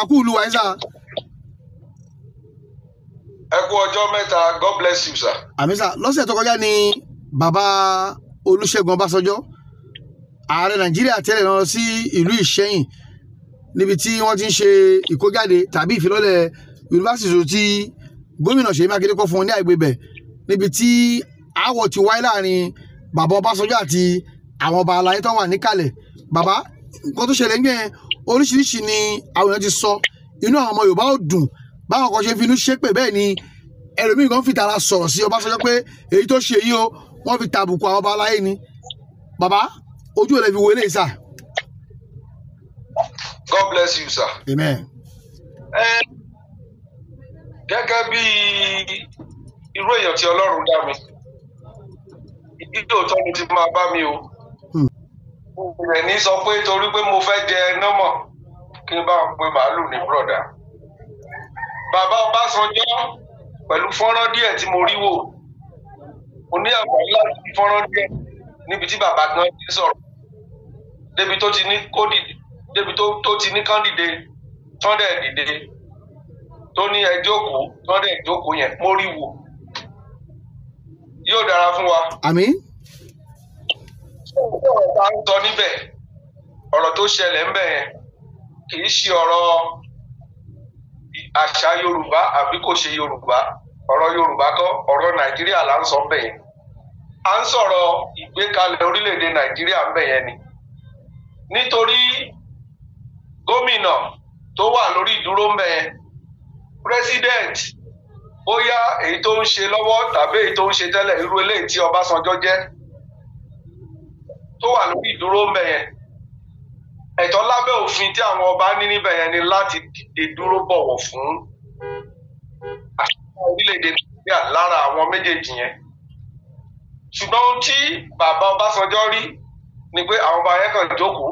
pàkú ìlú wa yìí sà. ẹ kú ọjọ́ mẹ́ta god bless you sir. àmì sà lọ́sẹ̀ tó kọjá ni bàbá olùṣègùn ọbásanjọ́ ààrẹ nàìjíríà tẹ́lẹ̀ lọ sí ìlú ìṣẹ́yìn níbi tí wọ́n ti ń ṣe ìkójáde tàbí ìfilọ́lẹ̀ yunifásitì tí gómìnà ṣèyí mákindé kọ́ fún wọn ní àìgbébẹ̀ níbi tí aáwọ̀ ti wáyé láàrin bàbá ọbásanjọ́ àti àwọn ọba alayé tó wà níkàlẹ̀ bàbá nǹkan tó ṣẹlẹ̀ ń yẹn oríṣiríṣi ni àwọn èèyàn ti sọ inú àwọn ọmọ Yorùbá ò dùn báwọn kan ṣe ń finú ṣépè bẹ́ẹ̀ ni ẹlòmíì kan fi tara sọ̀rọ̀ sí Ọbásanjọ́ pé èyí tó ṣe yìí o wọ́n fi tàbùkù àwọn ọba aláyé ni bàbá ojú ẹ̀ fi wo eléyìí sà. God bless you sir. Amen. gẹ́gẹ́ bí irú èèyàn tí Ọlọ́run dá mi ìdílé òótọ́ ló ti máa bá mi o rẹ̀ sọ pé torí pé mo fẹ́ jẹ nọ́mọ̀ kí n bá wọn pe màálù ní bùrọ̀dà. bàbá Ọbásanjọ́ pẹ̀lú fọ́nrán díẹ̀ tí mo rí wò mo ní àǹfààní láti fi fọ́nrán díẹ̀ níbi tí bàbá gan ti sọ̀rọ̀ débi tó ti ní kó débi tó ti ní kán dìde dìde tó ní ẹ jókòó tán dẹ̀ jókòó yẹn mo rí wò yóò dára fún wa. àmín tó ọ̀tá ń sọ níbẹ̀ ọ̀rọ̀ tó ṣẹlẹ̀ ńbẹ̀ yẹn kì í ṣe ọ̀rọ̀ àṣà Yorùbá àbí kò ṣe Yorùbá ọ̀rọ̀ Yorùbá kọ́ ọ̀rọ̀ Nàìjíríà là ń sọ ńbẹ̀ yẹn à ń sọ̀rọ̀ ìgbékalẹ̀ orílẹ̀-èdè Nàìjíríà ńbẹ̀ yẹn ni nítorí gómìnà tó wà lórí ìdúró ńbẹ̀ yẹn president bóyá èyí tó ń ṣe lọ́wọ́ tàbí èyí tó ń ṣe tẹ́lẹ̀ irú eléyìí tí Ọbásanjọ́ jẹ́ tó wà lórí ìdúró ń bẹ̀ yẹn ẹ̀tọ́ lábẹ́ òfin tí àwọn ọba ní níbẹ̀ yẹn ni láti dìde dúró bọ̀wọ̀ fún àṣà orílẹ̀-èdè nàìjíríà lára àwọn méjèèjì yẹn ṣùgbọ́n ohun tí bàbá Ọbásanjọ́ rí ni pé àwọn ọba yẹn kàn jókòó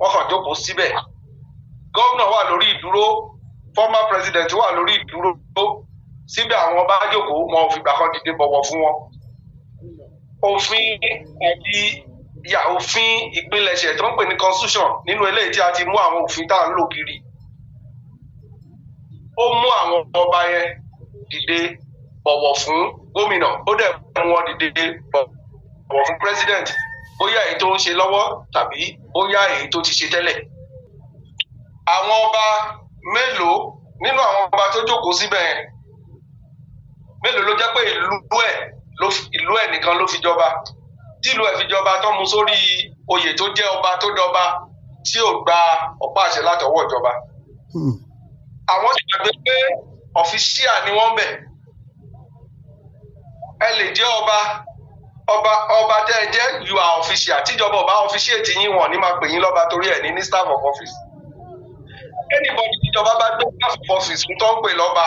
wọ́n kàn jókòó síbẹ̀ gómìnà wà lórí ìdúró former president wà lórí ìdúró síbẹ̀ àwọn ọba jókòó wọn ò fìgbà kan dìde bọ̀wọ̀ fún wọn òfin àti ya òfin ìpilẹ̀ṣẹ̀ tó ń pè ní constitution nínú eléyìí tí a ti mú àwọn òfin tá à ń lò kiri ó mú àwọn ọba yẹn dìde bọ̀wọ̀ fún gómìnà ó dẹ̀ mú wọn dìde bọ̀wọ̀ fún president bóyá èyí tó ń ṣe lọ́wọ́ tàbí bóyá èyí tó ti ṣe tẹ́lẹ̀ àwọn ọba mélòó nínú àwọn ọba tó jókòó síbẹ̀ yẹn mélòó ló jẹ́ pé ìlú ẹ̀ nìkan ló fi jọba tílu ẹ̀ fi jọba tó mu sórí oyè tó jẹ́ ọba tó dọba tí ò gba ọ̀pá àṣẹ látọwọ́ ìjọba. Hmm. àwọn ti gbàgbé pé ọ̀fíṣíà ni wọ́n bẹ̀. ẹ lè jẹ́ ọba ọba ọba tẹ́ ẹ jẹ́ you are official tíjọba ọba officiate yín wọ̀n ní máa pè yín lọ́ba torí ẹ̀ ní ní staff of office. anybody tíjọba bá gbé staff of office ń tọ́ ń pè lọ́ba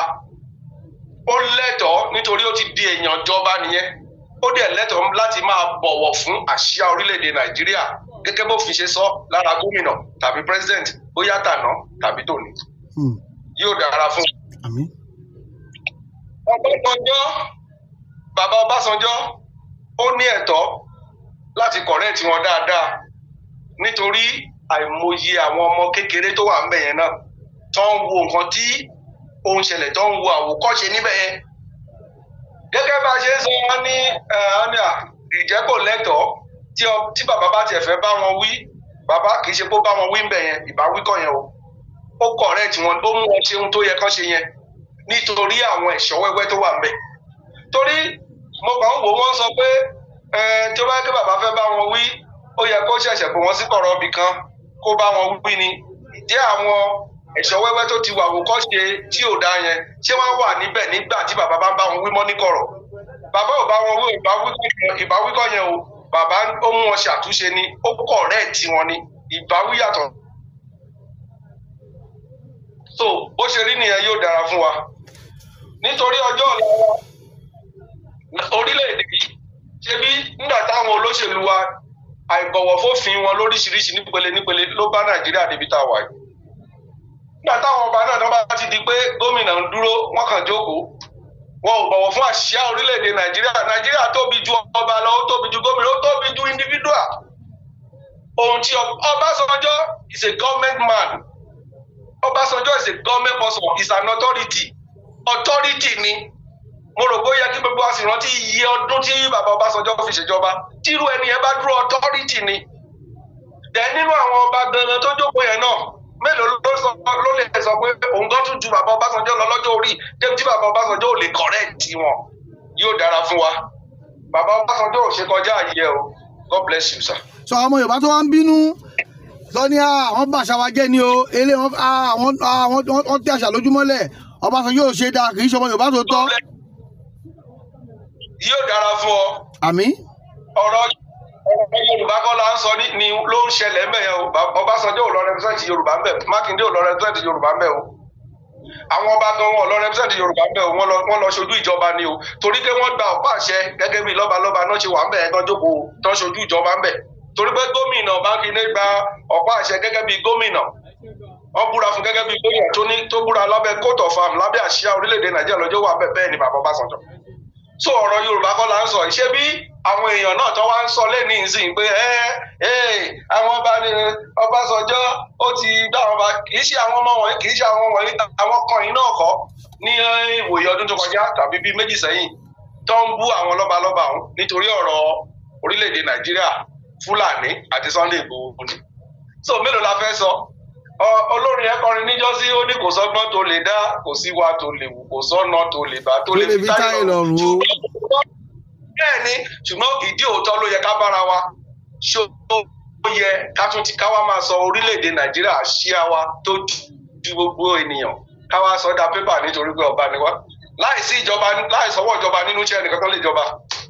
ó lẹ́tọ̀ọ́ nítorí ó ti di èèyàn jọba nìyẹn ó dẹ̀ lẹ́tọ̀ọ́ láti máa bọ̀wọ̀ fún àṣìá orílẹ̀-èdè nàìjíríà gẹ́gẹ́ bó fi ṣe sọ lára gómìnà tàbí president bóyá tàná tàbí tòní hmm. yóò dára fún un. ọ̀pọ̀lọpọ̀ bàbá Ọbásanjọ́ ó ní ẹ̀tọ́ láti kọ̀rẹ́ẹ̀tì wọn dáadáa nítorí àìmọye àwọn ọmọ kékeré tó wà ń bẹ̀ yẹn náà tó ń wo nǹkan tí ó ṣẹlẹ̀ tó ń wo àwòkọ́ṣe níbẹ̀ yẹn gẹ́gẹ́ bá a ṣe ń sọ wọn ní ọ̀nà ìjẹ́ kò lẹ́tọ̀ọ́ tí bàbá bá tiẹ̀ fẹ́ bá wọn wí bàbá kì í ṣe pé ó bá wọn wí ń bẹ̀ yẹn ìbáwí kọ̀ yẹn o ó correct wọn ó mú wọn ṣe ohun tó yẹ kán ṣe yẹn nítorí àwọn ẹ̀ṣọ́ wẹ́wẹ́ tó wà ń bẹ̀ torí mo kàn ń wò wọ́n sọ pé tí ó bá yẹ kí bàbá fẹ́ bá wọn wí ó yẹ kó ṣẹ̀ṣẹ̀ pé wọ́n sí kọ̀rọ̀ ibì kan kó bá wọn wí ni ìdí àwọn ẹ̀ṣọ́ wẹ́wẹ́ tó ti wà wòkọ́ ṣe tí ò dá yẹn ṣé wọ́n wà níbẹ̀ nígbà tí bàbá bá ń bá wọn wí mọ́ ní kọ̀rọ̀ bàbá ò bá wọn wí ìbáwíkọ́ yẹn o bàbá ó mú wọn ṣàtúnṣe ni ó kọ̀rẹ́ẹ̀tì wọn ni ìbáwí yàtọ̀ so bó ṣe rí nìyẹn yóò dára fún wa nítorí ọjọ́ ọ̀la orílẹ̀-èdè yìí ṣebí nígbà táwọn olóṣèlú wa àìbọ̀wọ̀ fófin wọn lóríṣiríṣi nípele nípele ló bá nàìjíríà débi tá a wà yìí nígbà táwọn ọba náà bá ti di pé gómìnà ń dúró wọn kàn jókòó wọn ò bọ̀wọ̀ fún àṣìá orílẹ̀-èdè nàìjíríà nàìjíríà tóbi ju ọba lọ ó tóbi ju gómìnà ó tóbi ju individual ohun tí ọbásanjọ́ is a government man ọbásanjọ́ is a government person is an authority authority ni mo rò bóyá kí gbogbo àsìrò rántí iye ọdún tí bàbá ọbásanjọ́ fi ṣèjọba tírú ẹni yẹn bá dúró authority ni dẹ̀ nínú àwọn ọba gangan tó jókòó yẹn náà mélòó ló dẹ̀ sọ pé òun tó tún ju bàbá Ọbásanjọ́ lọ lọ́jọ́ orí débi tí bàbá Ọbásanjọ́ ò lè kọ̀rẹ́ẹ̀tì wọn yóò dára fún wa bàbá Ọbásanjọ́ ò ṣe kọjá àyè o God bless you sir. sọ ọmọ Yorùbá tó wá ń bínú lọ ní àwọn bàṣà wa jẹ́ ni o eléyìí wọ́n tẹ àṣà lójúmọ́lẹ̀ Ọbásanjọ́ ò ṣe dáa kì í ṣe ọmọ Yorùbá tó tọ́. yóò dára fún ọ. àmín. ọ̀rọ̀ ọ̀rọ̀ yorùbá kọ́ la ń sọ ní ló ń ṣẹlẹ̀ ńbẹ̀ yẹn o ọbásanjọ́ ò lọ rẹpẹsẹ̀ntì yorùbá ńbẹ̀ mákindé ò lọ rẹpẹsẹ̀ntì yorùbá ńbẹ̀ o àwọn ọba gan wọn lọ rẹpẹsẹ̀ntì yorùbá ńbẹ̀ o wọ́n lọ ṣojú ìjọba ni o torí pé wọ́n gba ọ̀pá àṣẹ gẹ́gẹ́ bí lọ́balọ́ba náà ṣe wà ńbẹ̀ tán jókòó tán ṣojú ìjọba ńbẹ̀ torí pé gómìnà mákindé gba ọ̀pá àṣẹ gẹ́gẹ́ bí gómìnà wọ́n búra fún gẹ́gẹ́ bí gómìnà tó búra lábẹ́ court of arm lábẹ́ àṣà orílẹ̀-èdè nàìjíríà lọ́jọ́ wà bẹ́ẹ̀ ni bàbá ọbásanjọ́ so ọ̀rọ̀ yorùbá kọ́ la ń sọ ṣé bí àwọn èèyàn náà tó wá ń sọ lẹ́nu ìsìn pé ẹ ẹ àwọn ọba Ọbásanjọ́ ó ti dá àwọn ọba kì í ṣe àwọn ọmọ wọ̀nyí kì í ṣe àwọn wọ̀nyí àwọn kan yìí náà kọ́ ní ìwòye ọdún tó kọjá tàbí bíi méjì sẹ́yìn tó ń bú àwọn lọ́balọ́ba ọ̀hún nítorí ọ̀rọ̀ orílẹ̀-èdè nàìjíríà fúlàní àti Sunday Igboho ni so mélòó la fẹ́ sọ olórin yẹn kọrin níjọ́sí ó ní kò sọ́gbọ́n tó lè dá kò sí wa tó lè wù kò sọ́nà tó lè bá tó lè fi táyé lọ́rùn o. bẹ́ẹ̀ ni ṣùgbọ́n ìdí òótọ́ ló yẹ ká bára wa ṣó ó yẹ ká tún ti káwa máa sọ orílẹ̀-èdè nàìjíríà àṣìá wa tó ju gbogbo ènìyàn káwa sọ da pépà nítorí pé ọba ni wá láìsí ìjọba láìsọwọ́ ìjọba nínú iṣẹ́ ẹnìkan tó lè jọba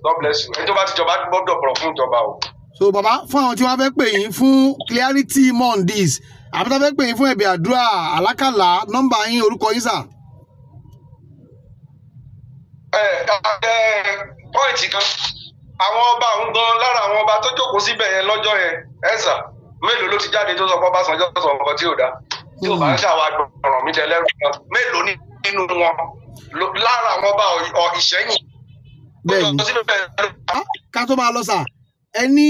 God bless you ẹni tó bá ti jọba gbọ́dọ̀ bọ̀rọ̀ fún ìjọba o so bàbá fún àwọn tí wọ́n fẹ́ pè yín fún clarity mondays àbí tí wọ́n fẹ́ pè yín fún ẹ̀bẹ̀ àdúrà àlákàlà nọ́mbà yín orúkọ yín sà. ẹ ẹ pọ́ìntì kan àwọn ọba òun gan lára àwọn ọba tó jókòó síbẹ̀ yẹn lọ́jọ́ yẹn ẹ̀sà mélòó ló ti jáde tó sọ pé Ọbásanjọ́ sọ ọkọ tí ò dá tí ò bá ń ṣàwọn àgbọ̀ràn mi tẹ́lẹ̀ rẹ̀ mélòó nínú wọn lára àwọn ọba ìṣẹ́yìn. bẹ́ẹ̀ni ká tó máa lọ sáà ẹ ní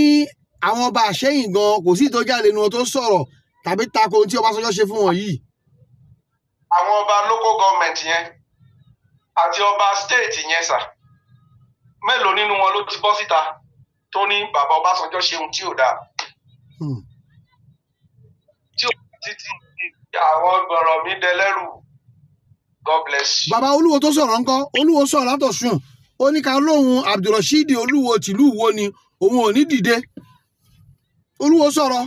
àwọn ọba àṣẹyìn gan kò sí ìtọ́jà lẹ́nu wọn tó sọ̀rọ̀ tàbí tako ohun tí Ọbásanjọ́ ṣe fún wọn yìí. àwọn ọba local government yẹn àti ọba state yẹn sà mélòó nínú wọn ló ti bọ́ síta tó ní bàbá Ọbásanjọ́ ṣe ohun tí ò dáa. Hmm. tí ó ti ti àwọn gbọ̀rọ̀ mi dẹlẹ́rù God bless you. bàbá olúwo tó sọ̀rọ̀ ńkọ́ olúwo sọ̀rọ̀ látọ̀sùn ó ní ká lóhun Abdulrasheed olúwo tìlú Ìwó ni òun ò ní dìde olúwo sọ̀rọ̀.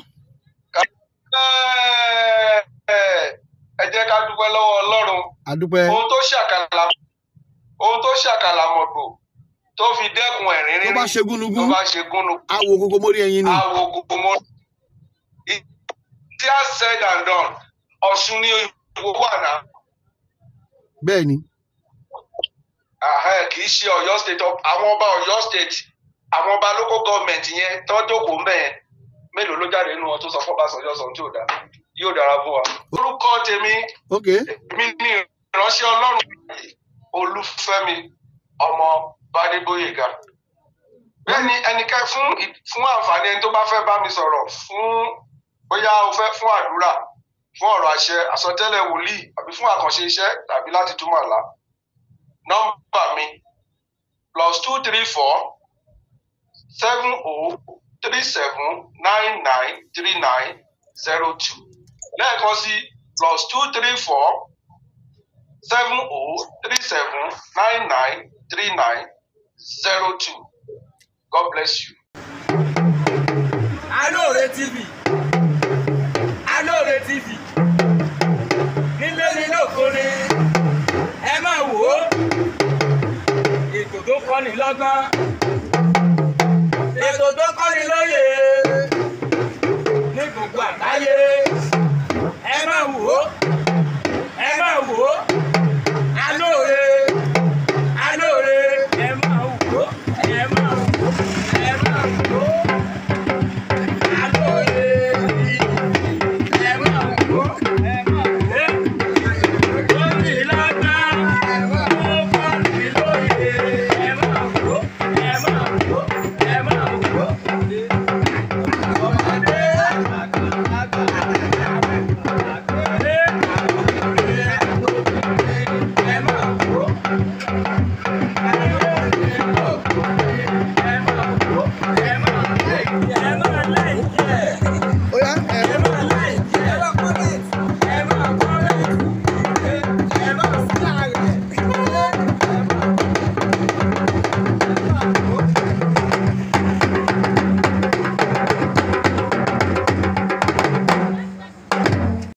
ẹ jẹ́ ká dúpẹ́ lọ́wọ́ ọlọ́run ohun tó ṣàkàlà ohun tó ṣàkàlà mọ̀gbò tó fi dẹ́kun ẹ̀rín rírí tó bá ṣe gúnugún awo gbogbo mórí ẹyin ni. awo gbogbo mórí tí a said and done ọ̀ṣun ní ìwò wà náà. bẹ́ẹ̀ ni. kì í ṣe ọ̀yọ́ state àwọn ọba ọ̀yọ́ state àwọn ọba local government yẹn tó jókòó mbẹ mélòó ló jáde nínú wọn tó sọ fún Ọbásanjọ́ sọ tí ò dá yóò dára fún wa. orúkọ tèmi èmi ní ìránṣẹ́ Ọlọ́run Olúfẹ́mi ọmọ Bádébóyèga bẹ́ẹ̀ni ẹnikẹ fún fún àǹfààní ẹni tó bá fẹ́ bá mi sọ̀rọ̀ fún bóyá o fẹ́ fún àdúrà fún ọ̀rọ̀ àṣẹ àsọtẹ́lẹ̀ wòlíì àbí fún àkànṣe iṣẹ́ tàbí láti túmọ̀ àlá nọ́mbà mi plus two three four seven oh three seven nine nine three nine zero two lẹ́ẹ̀kan sí plus two three four seven oh three seven nine nine three nine zero two God bless you. Alore TV Alore TV nílé nílé òkúni ẹ máa wò ó ètò tó kọ́ni lọ́gán ètò tó kọ́ni lóye ní gbogbo àgbáyé ẹ máa wò ó.